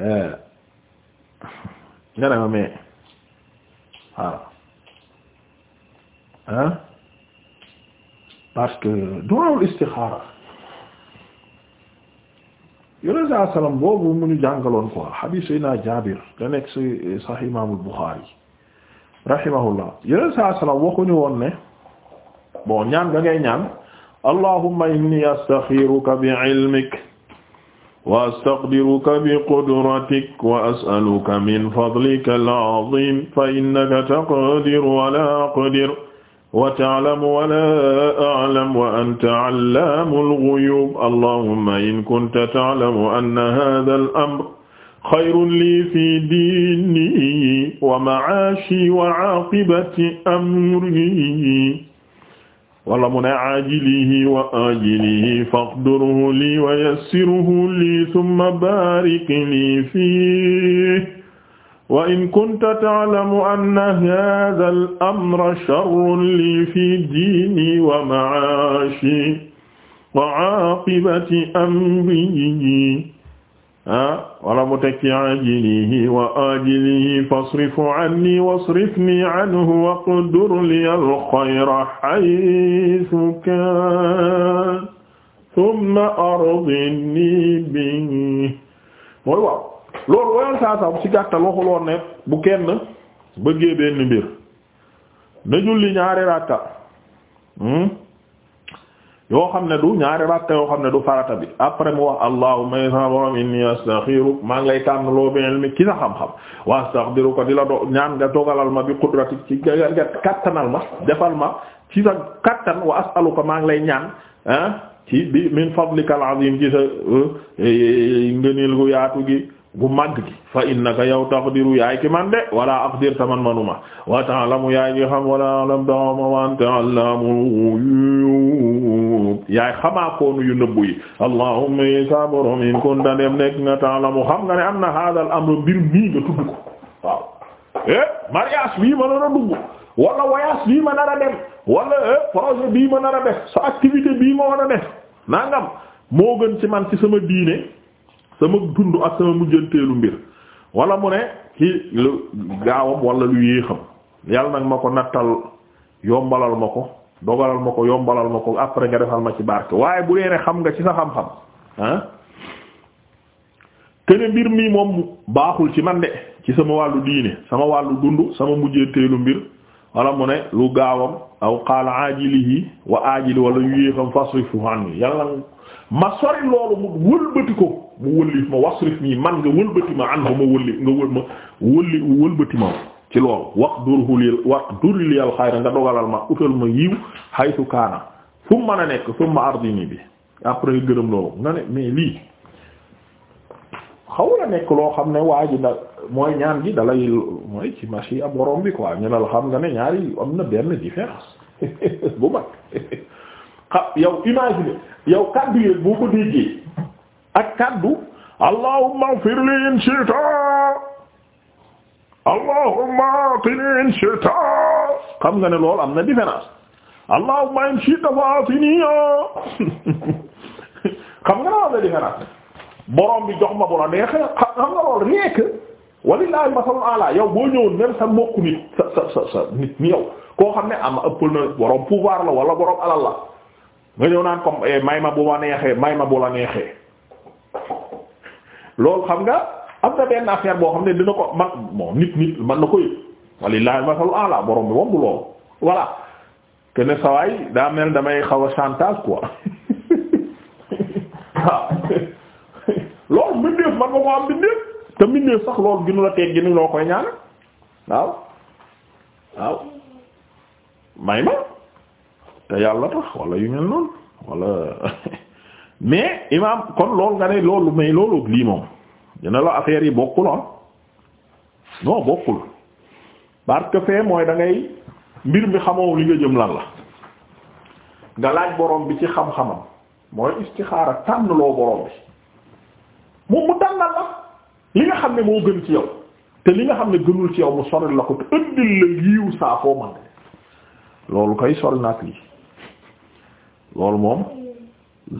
Eh. nga ne ma mais waaw ah parce que duwaawul istixaara yonent saa salaam boobu mu ñu jàngaloon quoi xadiis Seydina Jaabir da nekk ci Sahih Imaamul Buxaari rahimahullah yonent saa salaam waxuñu woon ne bon ñaan da ngay ñaan allahumma inni astaxiruka bi ilmik wa astaqdiruka bi qudratik wa as'aluka min fadlika al-azim fa innaka taqdiru wa la aqdir wa ta'lamu wa la a'lam wa anta 'allamu al-ghuyub allahumma in kunta ta'lamu anna hadha al-amr khayrun li fi dini wa ma'ashi wa 'aqibati amri wala mu ne ajilihi wa ajilihi faqdurhu lii wa yassirhu lii thumma barik lii fiihi wa in kunta ta'lamu anna hadha al-amra sharrun lii fi diini wa ma'aashi wa aaqibati amri wala mu tekki ajilihi wa ajilihi fasrifu anni wasrifni anhu waqdur li alxayra haysu kaan thumma ardini bi mooy waaw loolu woyal saasam ci gàttal waxul woon ne bu kenn bëggee benn mbir na julli ñaari ràkka hmm? yoo xam ne du ñaari rakka yoo xam ne du farata bi après mu wax allahumma sama borom inni astaghfiruk maa ngi lay tànn loo bi ilmi ki sa xam-xam wa astaghfiruka di la do ñaan nga dogalal ma bi qudratik ci nga kattanal ma defal ma ci sa kattan wa as'aluka maa ngi lay ñaan ah ci bi min fadlika al-azim ci sa eh, ngëneel gu yaatu gi bu màgg gi fa innaka yow taqdiru yaay ki man de wala aqdir man manuma wa ta'lamu yaay ki xam wala a'lam ta'ama wa anta allamul ghuyub maktuum yaay xamaakoonu yu nëbbu yi allahumma isa in kunta nekk nga ta'lamu xam nga ne am na hada al amru mbir mii nga tudd ko waaw eh mariage bii ma nar a dugg wala voyage bii ma nar a dem wala eh, projet bii ma nar a def sa activité bii ma war def nangam moo gën ci man ci sama diine sama dund ak sama mujjanteelu mbir wala mu ne ci lu gaawam wala lu yéexam yàlla nag ma ko nattal yombalal ma ko dogalal ma ko yombalal ma ko après nga defal ma ci barke waaye bu dee xam nga ci sa xam-xam ah te mbir mi moom baaxul ci man de ci sama wàllu diine sama wàllu dund sama mujjanteelu mbir wala mu ne lu gaawam aw qaala ajilihi wa ajili wala yu yéexam fasrifu anni yàlla ma sori loolu mu wëlbati ko mu wëllif ma wasrif nii man nga wëlbati ma an ma wëlli nga wël ma wëlli ci loolu waqdurhu lil waqdur li nga dogalal ma utal ma yiw haytu kaana fu mu a nekk summa ardini bi après gërëm loolu nga ne mais lii xaw la nekk loo xam ne waa ji da mooy ñaan gi dalay mooy ci machi ab borom bi quoi ñu la xam nga ne ñaari am na benn différence bu mag xa yow imagine yow kaddu yéeg boo ko déggee ak kaddu allahumma firli in allahumma atini in shita xam nga ne loolu am na différence allahumma in shita fa atini xam nga ne am na différence borom bi jox ma bu la neexee xam nga loolu rekk walillahi masalul ala yow boo ñëwoon même sa mbokk nit sa sa sa sa koo xam ne am ëppal na borom pouvoir la wala borom alal la nga ñëw naan comme eh, may ma bu ma may ma bu la neexee loolu xam am na benn affaire boo xam ne dina ko man bon nit nit man na ko yëg walillahi borom bi moom du loolu voilà que sawaay daa damay xaw a chantage quoi mbindeef man nga ko am mbindeef te mbindeef sax loolu ginu la teeg ginu loo koy ñaan waaw waaw may ma te yàlla tax wala yu mel noonu wala mais imam kon loolu nga ne loolu may loolu lii moom dina la affaire yi bokkul ah bokkul parce fee mooy dangay ngay mbir mi xamoo li nga jëm lan la nga laaj borom bi ci xam-xamam mooy istixaara tànn loo borom bi moom mu tànnal la li nga xam ne moo gën ci yow te li nga xam ne gënul ci yow mu soril la ko te ëndil la yiiw saa foo loolu koy sori naag lii loolu moom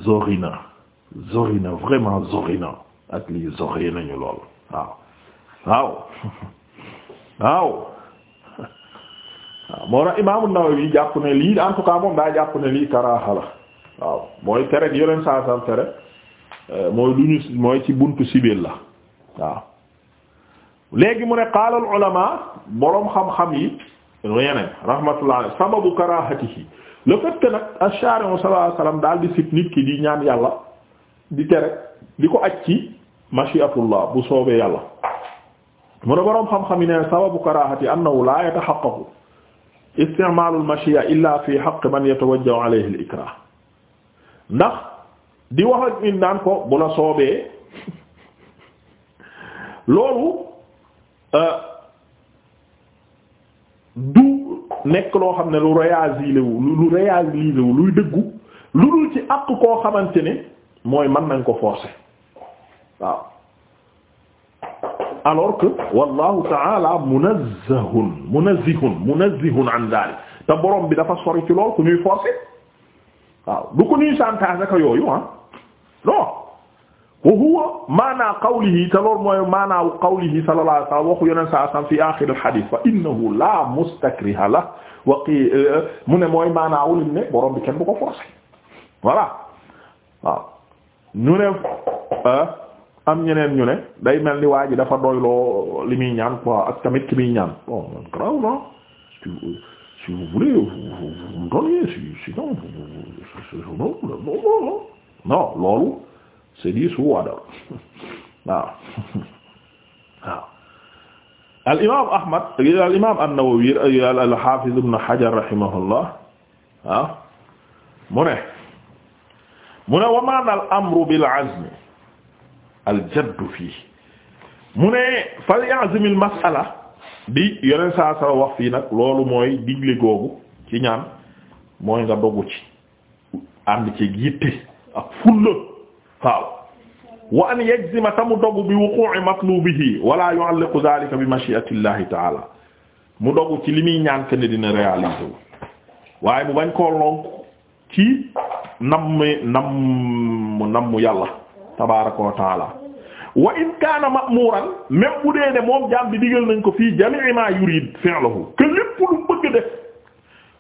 zorina zorina vraiment zorina ak lii soxee nañu lool waaw waaw waaw moo tax Imaam An-Nawawi jàpp ne lii en tout moom daa jàpp na lii karaaxa la waaw mooy tere gi leen saa saa tere euh, mooy lu ñu mooy ci buntu sibil la waaw léegi mu ne qaala ulamaa boroom xam-xam yi yeneen rahmatullah sababu karaahatihi le fait que nag ash-shari'u sallallahu daal di sib nit ki di ñaan yàlla di tere di ko acc mashiatullah bu soobee yàlla mu ne boroom xam-xam yi ne sababu karahati annahu la yatahaqqaqu isticmalu al-mashia illa fi haqqi man yatawajjahu alayhi al-ikrah di wax ak naan ko bu la soobee loolu euh, du nekk loo xam ne lu réalisé wu lu réalisé wu luy dëggu lu dul ci àq koo xamante ne mooy mën nañ ko forcer waaw alors que wallahu ta'ala munazzahun munazzihun munazzihun an dhalik te borom bi dafa sori ci lool ku ñuy forcer waaw du ko ñuy chantage ak yooyu ah non wa huwa maana qawlihi te loolu mooy maana qawlihi sallallahu alayhi wa sallam waxu yoneen saa sallam fi aaxiril xadiis fa innahu la mustakriha la wa qi euh, euh, mu ne mooy maanaa wulim ne borom bi kenn bu ko forcer voilà waaw ñu ne euh, am ñeneen ñu ne day mel ni waa ji dafa doyloo li muy ñaan quoi ak tamit ki muy ñaan bon grave non si vous voulez vous me donnez sinon non non loolu c'est dit su waadal waaw waaw al imaam Ahmad al imaam an-Nawawi al hafiz ibn Hajar rahimahullah waaw ah, mu ne mu ne wa ma'na al amru bil azmi aljaddu fii mu ne fal ya'zimil mas'ala bi yeneen saa saa wax fii nag loolu mooy digle googu ci ñaan mooy nga dogu ci ànd ci yitte ak fulla waaw wa an yajzima tamu dogu bi wuqu'i matlubihi wala yu'alliqu dhalika bi mashi'atillahi ta'ala mu dogu ci li muy ñaan ke dina réaliser wu waaye mu bañ koo lonk ci nam nam nam yàlla tabaaraka wa taala wa in kaana ma'muuran même bu dee ne moom jaam bi digal nañ ko fii jamii ma yurid fi'luhu que lépp lu bëgg def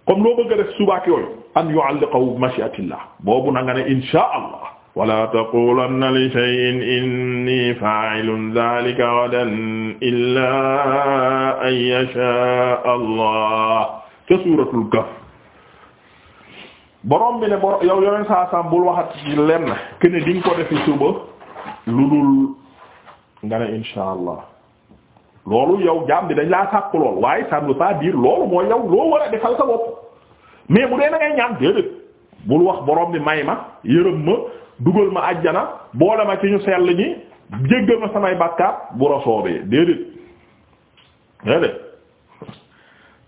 comme loo bëgg def subaak yooyu an yu'alliqahu bi mashi'atillah boobu na nga ne inshaa allah wala taqulanna li shay'in inni faa'ilun dhaalika ghadan illaa an yashaa allah ca suuratul kahf borom bi ne boro yow yoneen saa saam bul waxat ci lenn kene di nga ko defi suba lu dul nga ne insha loolu yow jaam bi dañ laa sàkk lool waaye ça ne loolu mooy yow loo war a defal sa bopp mais bu dee na ngay déedéet bul wax borom bi may ma yërëm ma dugal ma ajjana boole ma ci ñu sell ñi jéggal ma samay bàkkaar bu la soobee déedéet déedéet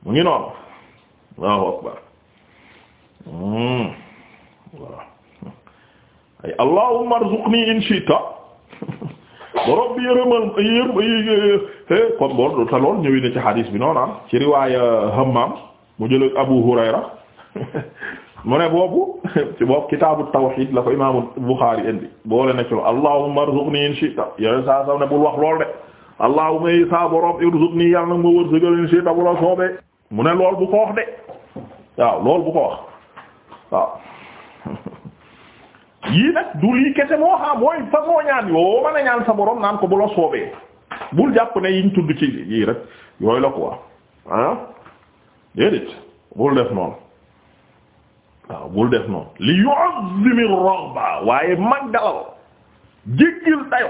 mu ngi noonu waaw akbar waaw hmm. ay allahumma arzuqni in shi'ta borom bi yërëmal yër kon boor du taloon ñëwi na ci xadiis bi noonu am ah, ci riwaaya Hammaam mu jël Abu Hurayra mu ne boobu ci boobu kitaabu tawxiid la ko imaamu Buxaari indi boole na ci loolu allahumma arzuqni in shi'ta yeneen saa sam ne bul wax lool de allahumma yi saa borom irzuqni yàlla nag ma wërsëgal in shi'ta bu la soobee mu ne lool bu ko de waaw lool bu ko wax waaw yii nag du lii kese moo xam mooy façon ñaan yoo mën a ñaan sa naan ko bu la soobee bul jàpp ne yiñ tudd ci yii rek yooyu la quoi ah déedéet bul def noonu waaw bul def noonu li waaye magdalal jéggil dayo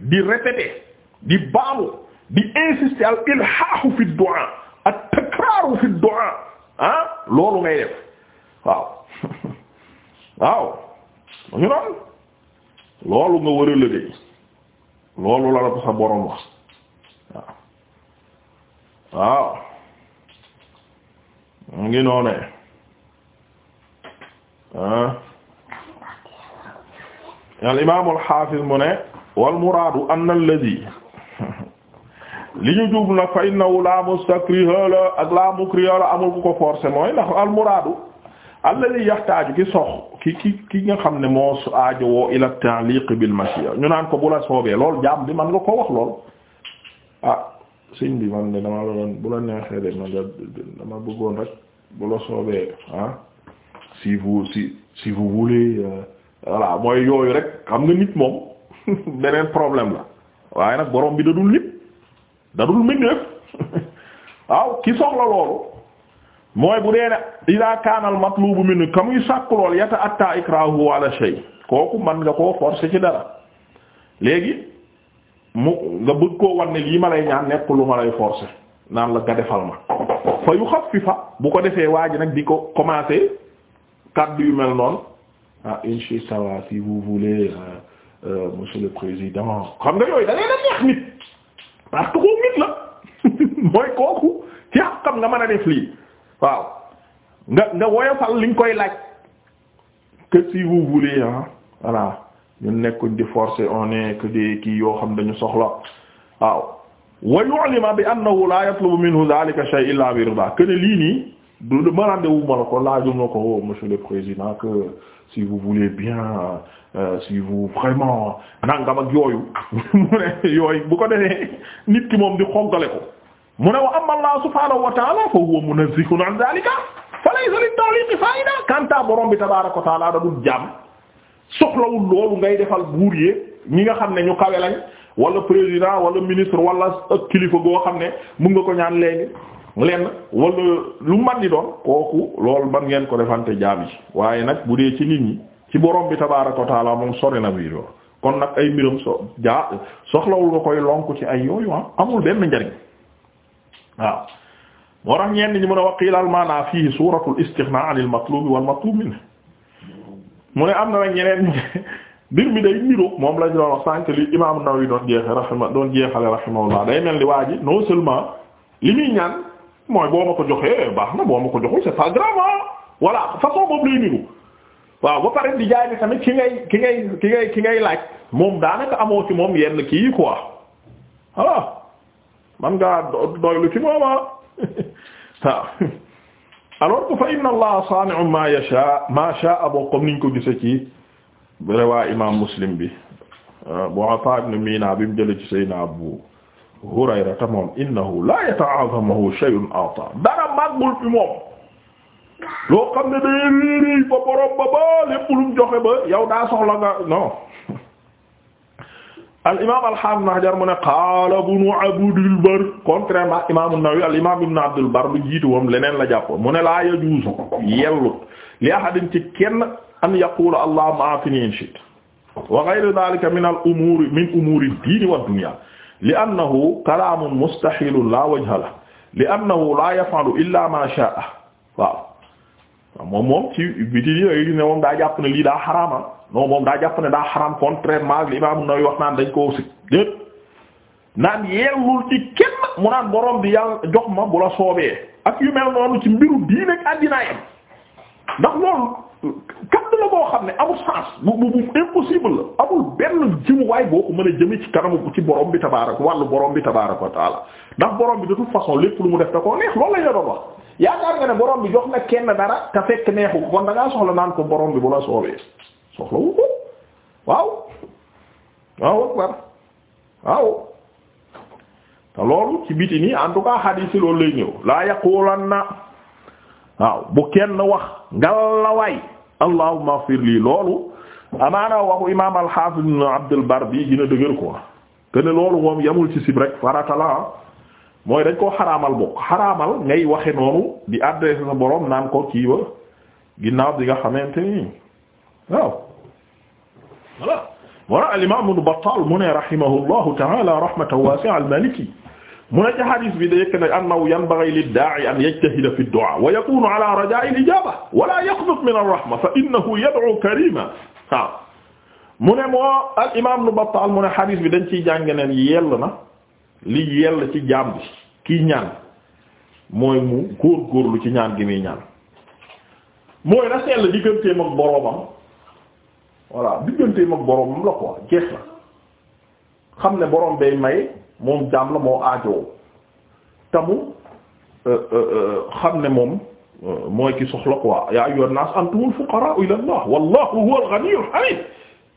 di répéter di baamu di insister al ilhaahu fi du'a at takraaru fi du'a ah loolu ngay def waaw waaw mu ngi noonu loolu nga war a liggéey loolu la la ko sa borom wax waaw waaw mu ngi noonee ah. al imaam al xaafiz mu ne wal muraadu anna alladhi li ñu jub nag fa innahu la mustakriha la ak la mukriha la amul ku ko forcer mooy ndax al muraadu alladi yaxtaaju ki sox ki ki ki nga xam ne moo aajo woo ila ta'liq bil mashia ñu naan ko bu la soobee loolu jaam bi man nga ko wax lool ah sëñ bi man de dama la doon bu bëggoon rek bu la soobee ah si vous euh, mooy yooyu rek xam nga nit moom beneen problème la waaye nag boroom bi dadul nit dadul mbindeef waaw ki soxla loolu mooy bu dee ne ila kaana al matlubu minhu ka muy sàkku lool yata atta ikrahu ala shay kooku man nga koo forcer ci dara léegi mu nga bëgg koo wan ne lii ma lay ñaan nekk lu ma lay forcer naan la nga defal ma fa yu xaffifa bu ko defee waa ji nag di ko commencer kaddu yu mel noonu ah inch'Allah si vous voulez euh, monsieur le président xam nga yooyu da ngay def nit parce que nit la mooy kooku ci xam nga mën a def lii waaw nga nga woyofal liñ koy laaj que si vous voulez ah voilà ñun nekk di forcer on est que des kii yoo xam dañu soxla waaw wa yu'lima bi annahu la yatlubu minhu dhalika shay illa bi rida que ne lii nii du ma rendez-vous ma la ko laaju ma ko oh, monsieur le président que si vous voulez bien euh, si vous vraiment nangam ak yooyu yooyu bu ko defee nit ki moom di xoggale ko mu ne wa amma allah subhanahu wa ta'ala fa huwa munazzihun an zalika fa laysa li ta'liqi fa'ida kanta borom bi tabaaraka wa ta'ala da dul jàmm soxlawul loolu ngay defal buur yéeg ñi nga xam ne ñu kawe lañ wala président wala ministre wala ak kilifa goo xam ne mun nga ko ñaan léegi lenn wala lu man di doon kooku lool man ngeen ko defante jaam yi waaye nag bu dee ci nit ñi ci borom bi tabaaraka wa ta'ala moom sori na biir kon nag ay mbiram so jaa soxlawul nga koy ci ay yooyu ah amul waaw moo tax ñenn ñi mën a waqiila al maana fii suuratul istighna anil matlubi wal matlub minhu mu ne am na nag ñeneen mbir mi day niroog moom lañ doon wax sànq li imaam An-Nawawi doon jeexee rahima doon jeexale rahimahullah day mel ni waa ji non seulement li muy ñaan mooy boo ma ko joxee baax na boo ma ko joxul c'est pas grave ah. voilà façon boobu lay waaw ba pare di jaay bi tamit ki ngay ki ngay ki ngay ki ngay laaj moom daanaka amoo ci moom yenn kii quoi voilà. man ngaa doylu ci mooma waaw alors que fa inna ma yasha ma sha'a boo comme niñ ko imam muslim bi bu Ataa ibn Mina bi mu jële ci Seydina Abu Hurayra ta moom innahu la yata'azamahu shay'un ata dara màggul fi moom loo ne day réeréy ba borom ba ba ba yow daa soxla nga non al imaam al-Haafiz Ibn Hajar mu ne qaala Ibnu Abdil Barr contrairement imaam an-Nawawi al imaam Ibnu Abdil Barr lu jiitu moom leneen la jàppoon mu ne laa yajuuzu yellut li ahadin ci kenn an yaquula allahumma aafini in shi'ta wa ghayru dhaalika min al-umuuri min umuuri ad-diini wad-dunyaa li'annahu kalaamun mustahiilun laa wajha lahu li'annahu laa yaf'alu illaa maa shaa'a waaw moom moom ci biti di gis ne moom daa jàpp ne lii daa xaraama ah. non moom daa jàpp ne daa xaraam contrairement ak li Imaam Nawawi wax naan dañ koo si déet naan yellul ci kenn mu naan borom bi yàlla jox ma bu la soobee ak yu mel noonu ci mbiru diine ak àddinaayam ndax loolu kaddu la boo xam ne amul sens bu bu bu impossible amul benn jëmuwaay boo ko mën a jëme ci kanamu ci borom bi tabaarak wàllu borom bi tabaarak wa taala ndax borom bi de toute lépp lu mu def da koo neex loolu la ñu bi jox na kenn dara te fekk neexu bi bu la soobee soxla wu ko waaw ci biti nii en tout bu kenn wax ngalla waay ma ighfir lii loolu amaana waxu imaam al-Hafiz ibn Abd al-Barr bi dina dëgër quoi te loolu moom yamul ci sib rek farata la ah. mooy dañ koo xaraamal bokk xaraamal ngay waxe noonu di adressé sa borom naan ko kii ba ginnaaw bi nga xamante ni waaw wara al-imam Ibn Battal mu ne rahimahullahu ta'ala rahmatan wasi'a al-Maliki mu ne ci hadis bi day ne annahu yanbaghi lid-daa'i an yajtahida fi ad-du'aa wa yakunu ala rajaa'i al-ijaaba wa laa yaqnut min ar-rahma fa innahu yad'u kariima waaw mu ne moo al imaam Ibn Battaal mu ne hadis bi dañ ciy jàng ne yell na li yell ci jaam bi kii ñaan mooy mu góorgóorlu ci ñaan gi muy ñaan mooy na sell digganteem ak boroomam voilà digganteem ak boroomam la quoi jeex na xam ne boroom day may. moom jaam la moo aajoo tamu euh, euh, euh, xam ne moom mooy ki soxla quoi yaa ayyuhan naas antumul fuqaraa'u ila Allah wallahu huwal ghaniyyul hamiid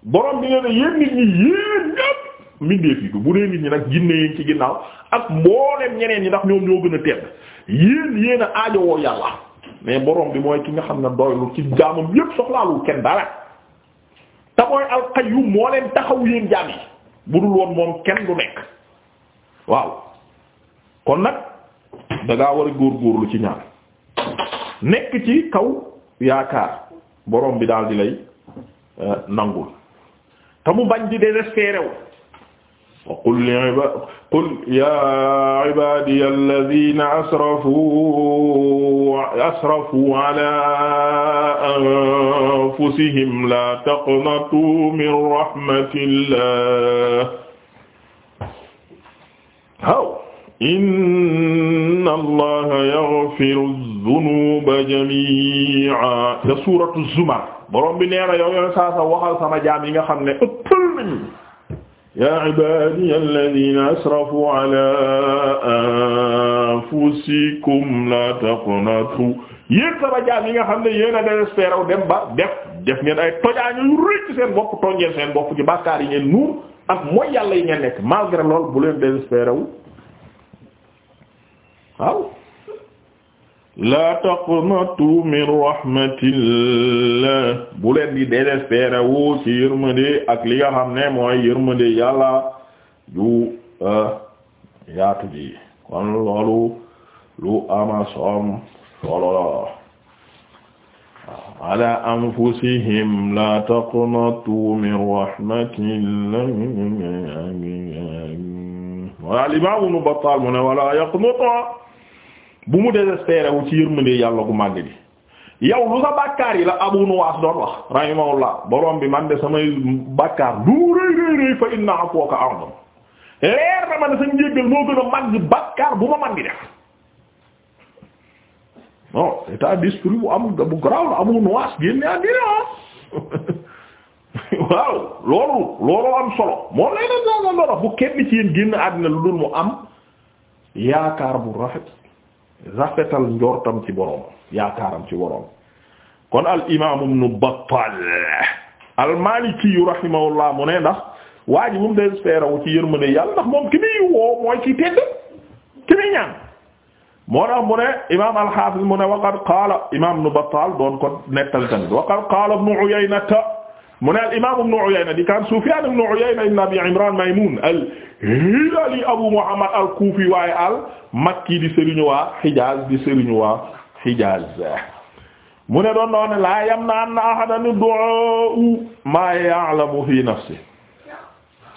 borom bi nee na yéen nit ñi yéen ñépp mbindeef yi bu dee nit ñi nag ginne yéen ci ginnaaw ak mbooleem ñeneen ñi ndax ñoom ñoo gën a tedd yéen yéen a aajowoo yàlla mais borom bi mooy ki nga xam ne doylu ci jaamam yépp soxlaalul kenn dara te mooy alqayyum moo leen taxaw yéen jaam yi budul woon moom kenn du nekk. waaw kon nag da ngaa war a góorgóorlu ci ñaar nekk ci kaw yaakaar borom bi daal di lay eh, nangul te mu bañ di désespéré wu wa qul liba qul ya ibadiya alladhina asrafu asrafu ala anfusihim la taqnatu min rahmatillah haw inna allaha yaghfiru dhunuba jami'a te suuratu zumar borom bi nee na yow yow saa sa waxal sama jaam yi nga xam ne ëppal nañu yaa ibaadiya alladhiina asrafu ala anfusikum la taqnatu yéen sama jaam yi nga xam ne yéen a désespéré dem ba def def ngeen ay tojaañu yu rëcc seen bopp tooñ ngeen seen bopp ci bàkkaar yi ngeen nuur ak mooy yàlla yi ngeen nekk malgré lool bu leen wu waaw la taqnatu min rahmatillah bu di désespéré wu ci yërmande ak li nga ne mooy yërmande yàlla ju euh, yaatu ji kon loolu lu ama som ala anfusihim la taqnatu min rahmatillahi wala al-imam Ibn Battal mu ne wala yaqnuta bu mu désespéré wu ci yërmande yàlla gu màgg bi yow lu sa bàkkaar yi la Abu Nuwaas doon wax rahimahullah borom bi man de samay bàkkaar lu rëy rëy rëy fa inna afwaka a'zam leer na ma ne sa njéggal moo gën a màgg bàkkaar bu ma mën di def non état d'esprit am bu garaaw la amu génne àddina waaw loolu loolu am solo moom lay def saa nga bu kenn ci yéen génn àddina lu dul mu am yaakaar bu rafet rafetal njortam ci boroom yaakaaram ci boroom kon al imaam ibnu Battal al Maliki rahimahullah mu ne ndax waa bu mu désespéré wu ci yërmande yàlla ndax moom ki muy woo mooy ki tedd ki muy ñaan. moo tax mu ne imaam al-Hafiz mu ne waqad qaala imaam Ibn Battal doon ko nettal tamit waqad qaala Ibn Uyayna mu ne al-imaam Ibn Uyayna di kan Sufyaan ibn Uyayna ibn Abi Imraan Maymuun al-Hilaali Abu Muhammad al-Kuufi waaye al-Makki di sëriñu waa Hijaaz di sëriñu waa Hijaaz mu ne doon na ne laa yamna'anna ahadan du'aa maa ya'lamu fii nafsihi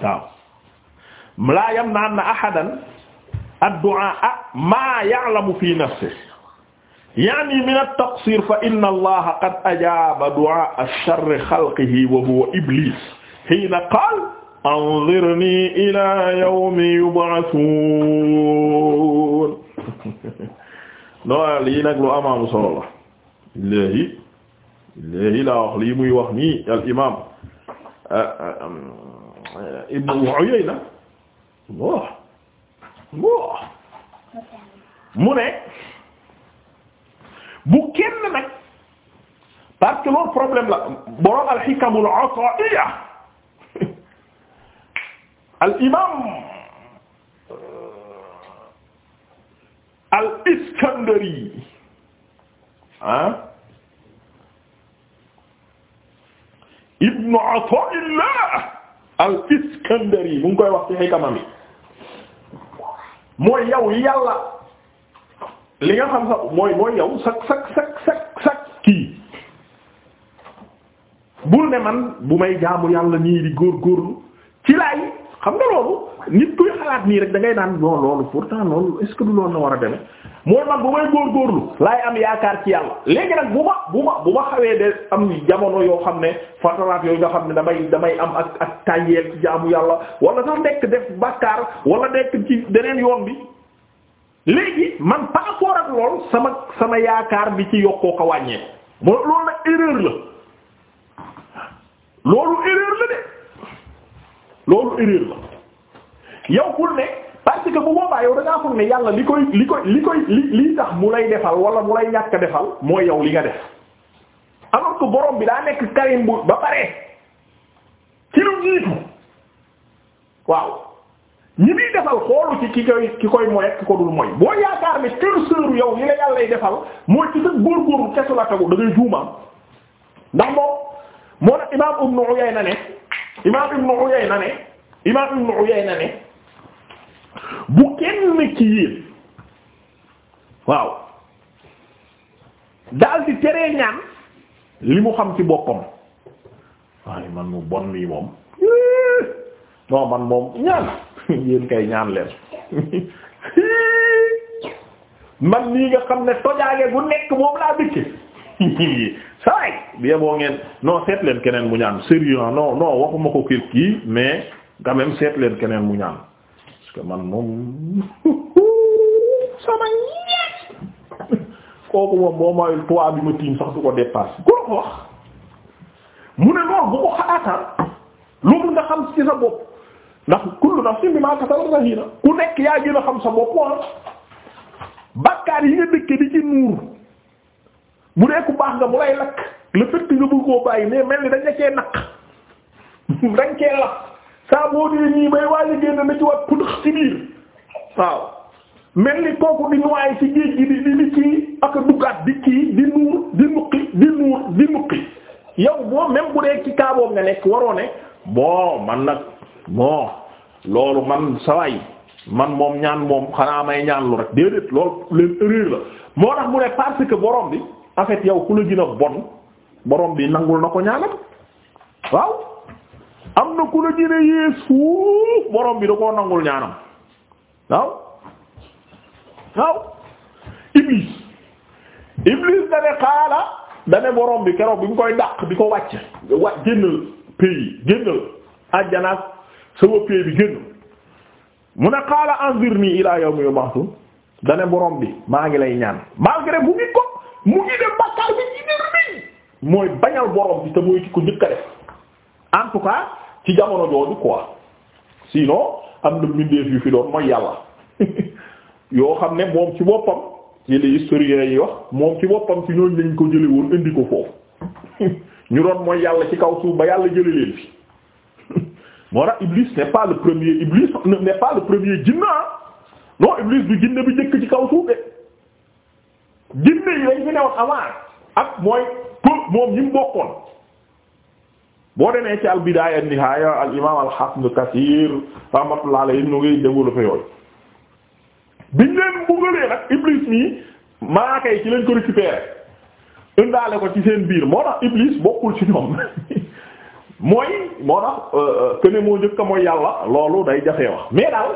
waaw laa yamna'anna ahadan addu'a ah, maa ya'lamu fi nafsihi yaani min at-taqsir fa inna allaha qad ajaaba du'aa'a sharri xalqihi wa huwa iblis hiina qaala anzirnii ilaa yawmi yub'athuun noonu lii nag lu amaamu solo la léegi léegi laa wax lii muy wax nii al imaam ah, ah, Ibn Uyayna mu ne bu kenn nag parce que loolu problème la borom alxikamul ataiya al imam euh, al iskandari ah ibnu ataillah al iskandari mu koy wax ci xikamam mooy yow yàlla li nga xam sax mooy mooy yow sak sak sak sak kii bul ne man bu may jaamu yàlla nii di góor góorlu ci laay xam nga loolu nit kuy xalaat nii rek da naan non loolu pourtant loolu est-ce que du loolu na war a demee mooy man bu may góorgóorlu laay am yaakaar ci yàlla léegi nag bu ma bu ma bu ma xawee de am jamono yoo xam ne fatalaat yooyu nga xam ne damay damay am ak ak tàyyeel ci jaamu yàlla wala sax nekk def bàkkaar wala nekk ci deneen yoon bi léegi man par ak lool sama sama yaakaar bi ci yokkoo ko wàññee moo loolu nag erreur la loolu erreur la yow bul ne parce que bu boobaa yow da ngaa ne yàlla li koy li koy li koy li tax mu lay defal wala mu lay ñàkk defal mooy yow li nga def alors que borom bi daa nekk karim bu ba pare ci lu waaw ñi defal xoolu ci ki koy moy ak ko dul moy boo yaakaar ne curseur yow li la yàlla lay defal mooy ci sa góorgóorlu kesu la tegu da ngay ndax moom moo tax imaam Ibnu Uyayna ne imaam Ibnu Uyayna ne imaam Ibnu Uyayna ne bu kenn ci yéen waaw daal di teree ñaan li mu xam ci boppam waaye man mu bon lii moom non man moom ñaan yéen kay ñaan leen man nii nga xam ne tojaage gu nekk moom laa dëkke saay bi boo ngeen non seet keneen mu ñaan sérieux non non waxuma ko kër kii mais quand même seet keneen mu ñaan man moom sama ñeet kooku moom boo mayul toit bi ma tiim sax du ko dépasse ku ko wax mu ne loolu bu ko xalaataan loolu nga xam ci sa bopp ndax kullu nafsin bimaa kasabat rahiina ku nekk yaa gën a xam sa bopp ah bakkaar yi nga dëkke di ci nuur bu dee baax nga mu lay lakk le fait que nga bëgg koo bàyyi mais mel ni dañ cee naq dañ cee lakk saa boo dee nii may waaye génn na ci wax pudax ci biir waaw mel ni kooku di ñuwaaye ci géej gi di di li ak duggaat di kii di nuur di nuqi di nuur di nuqi yow boo même bu dee ci kaaboob nga nekk waroon ne bon man nag bon loolu man saway man moom ñaan moom xanaa may ñaan lu rek déedéet loolu leen erreur la moo tax mu ne parce que borom bi en fait yow ku la gën a bon borom bi nangul na ko ñaanal waaw am na ku la gën a borom bi da nangul ñaanam waaw waaw iblis iblis da ne xaala borom bi keroog bi mu koy dàq di ko wàcc wa génnal pays génnal àjjanaas sama pays bi génn mu ne xaala anzirni ilaa yawmi yub'athun da ne borom bi maa ngi lay ñaan malgré bu ngi ko mu ngi def bàkkaar bi ci biir mooy bañal borom bi te mooy ci ko njëkk a ci jamono jooju quoi sinon am na mbindeef yu fi doon mooy yàlla yoo xam ne moom ci boppam ci li historiens yi wax moom ci boppam ci ñoo lañ ko jële woon indi ko foofu ñu doon mooy yàlla ci kaw suuf ba yàlla jële leen fi moo tax Iblis n'est pas le premier Iblis n'est le premier jinne non Iblis bi jinne bi njëkk ci kaw suuf de jinne yi dañ fi newoon avant ak mooy pour moom ñi mu bokkoon boo demee ci al bidaaya nihaaya al imaam al hafiz kathir rahmatullah alayhi nu ngi développé yooyu biñ leen bëggalee nag iblis mii malaaka yi ci lañ ko récupéré indaale ko ci seen biir moo tax iblis bokkul ci ñoom mooy moo tax euh, euh, que moo njëkk mooy yàlla loolu day jafee wax mais daal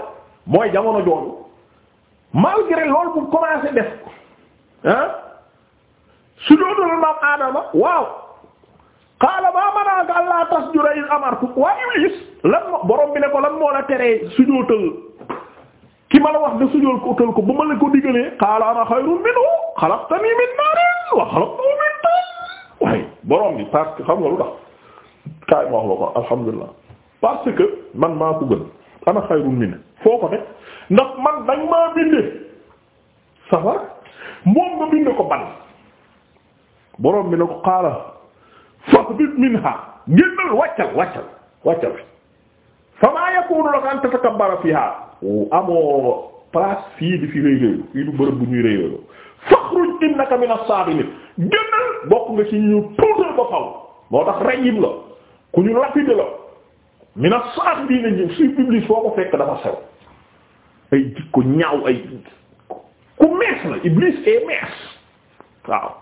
mooy jamono jooju malgré loolu bu commencé def ah su doon maam Adama waaw. qaala maa manaaka allaa tasjuda iz amartuk waa Iblis lan moo borom bi ne ko lan moo la teree sujjóotal ki ma la wax de sujjóotal ko bu ma la ko digalee qaala ana xayrun minhu xalaqtanii min naarin wa xalaqtahu min tiin waaye borom bi parce que xam nga lu tax kaay ma wax la ko alhamdulillah parce que man maa ko gën ana xayrun minhu foo ko nekk ndax man danga maa bindee safara moom nga bindee ko ban borom bi ne ko qaala fahdud minha génnal wàccal wàccal wàccal fa maa yakunu laka an tatakabbara fiha amoo place fii di fi réy réylu fii du bërëb bu ñuy réy réylu fakhruj innaka min as-sabirin génnal bokk nga ci ñu tuutal ba faw moo tax rajim la ku ñu lapide la min as-sabirin ñi suy public foo ko fekk dafa sew ay jikko ñaaw ay ku mees la iblis et mees waaw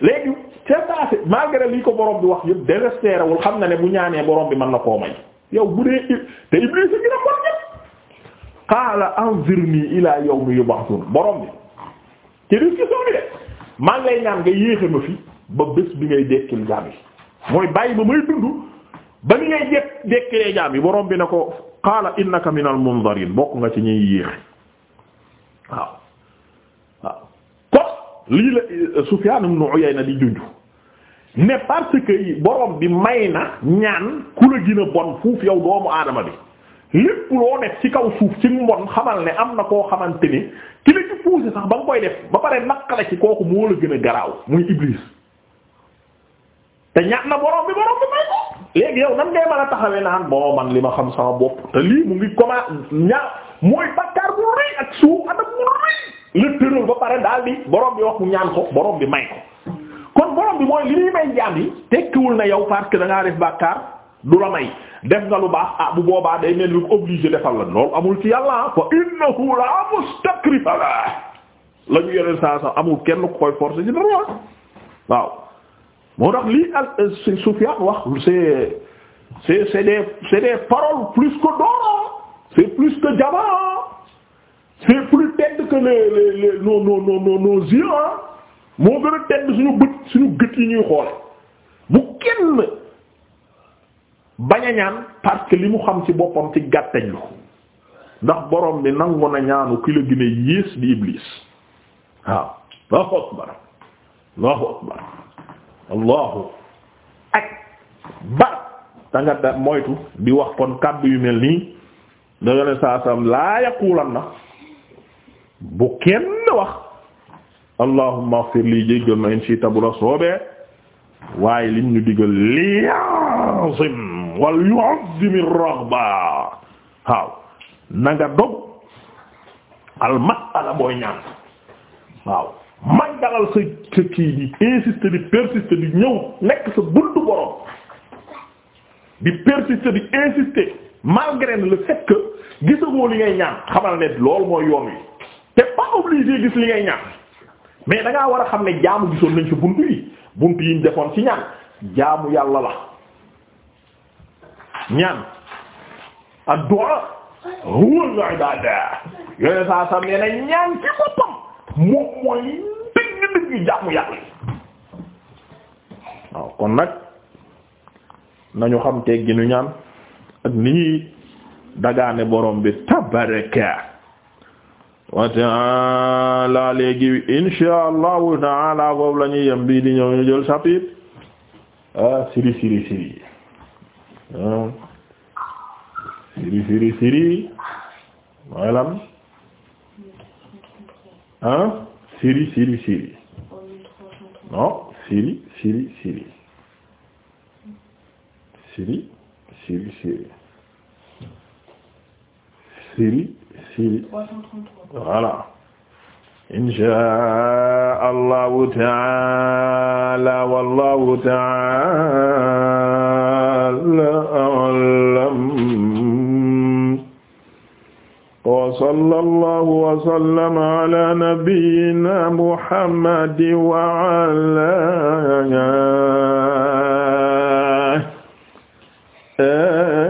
léegi c'est ça malgré ko borom bi wax yëpp désespéré xam na ne bu ñaanee borom bi mën na koo may yow bu dee te Iblis gi na kon ñëpp qaala anzirni ila yawmi yub'athun borom bi ci discussion bi de maa ngi lay ñaan nga yéexe ma fi ba bés bi ngay dekkil jaam yi mooy bàyyi ba may dund ba ni ngay jekk dekkilee jaam yi borom bi ne ko qaala innaka minal munzarin bokk nga ci ñuy yéexe waaw lii la euh, Sufyaan ibn na di junj ne parce que borom bi may na ñaan ku la gën a bon fuuf yow doomu aadama bi lépp loo def ci kaw suuf ci mbon xamal ne am na koo xamante ni ki la ci puuse sax ba nga koy def ba pare naqala ci kooku moo la gën a garaaw muy Iblis te ñaan na borom bi borom bi may ko léegi yow nan ngay mën a taxawee naan bon man li ma xam sama bopp te lii mu ngi commencé ñaar mooy bakkaar bu rëy ak suuf adak mu la tëral ba pare daal bi boroom bi wax mu ñaan ko borom bi may ko kon borom bi mooy li muy may jaam yi tekkiwul na yow parce que da ngaa def bàkkaar du la may def nga lu baax ah bu boobaa day mel lu obligé defal la loolu amul ci yàlla fa innahu la mustakrifa la la yeneen saa sax amul kenn ku koy forcer ci dara waaw moo tax lii al euh, Sufyan wax c'est c'est c'est des c'est des plus que d'or c'est plus que jamaa c'est plus tedd que les les les nos nos nos nos yeux moo gën a tedd suñu bët suñu gët yi ñuy xoole bu kenn bañ a ñaan parce que li mu xam ci boppam ci gàttañ lu ndax borom bi nangu na ñaanu ki la gën a yées bi iblis waaw allahu akbar allahu akbar ak bar da nga moytu di wax kon kàddu yu mel nii da yone saa sam laa yaqulan na bu kenn wax allahumma ighfir lii jéggal ma in shi'ta bu la soobee waaye lim ñu digal li yazim wal yu'azzim ar-raghba waaw na dog al mas'ala booy ñaan waaw màggalal sa sa kii di insister di persister di ñëw nekk sa buntu borom di persister di insister malgré le fait que gisagoo li ngay ñaan xamal ne loolu mooy yoon wi te pas obligé gis li ngay ñaan mais da war a xam ne jaamu gisoon nañ ci buntu yi buntu yi defoon ci ñaan jaamu yàlla la ñaan a dua huwa al-ibada yooyu saa sam nee na ñaan ci boppam moom mooy dëgg dëgg jaamu yàlla waaw kon nag nañu xam tegginu ñaan ak ni ñuy dagaane borom bi tabaraka wa ta'ala léegi insha allahu ta'ala boobu la ñuy yem bii di ñëw ñu jël chapitre ah siri siri siri ah siri siri siri ah? siri siri siri siri siri siri siri siri si voilà insha allahu taala wallahu taala a'lam wa sallallahu wa sallama ala nabiyyina muhammadin wa ala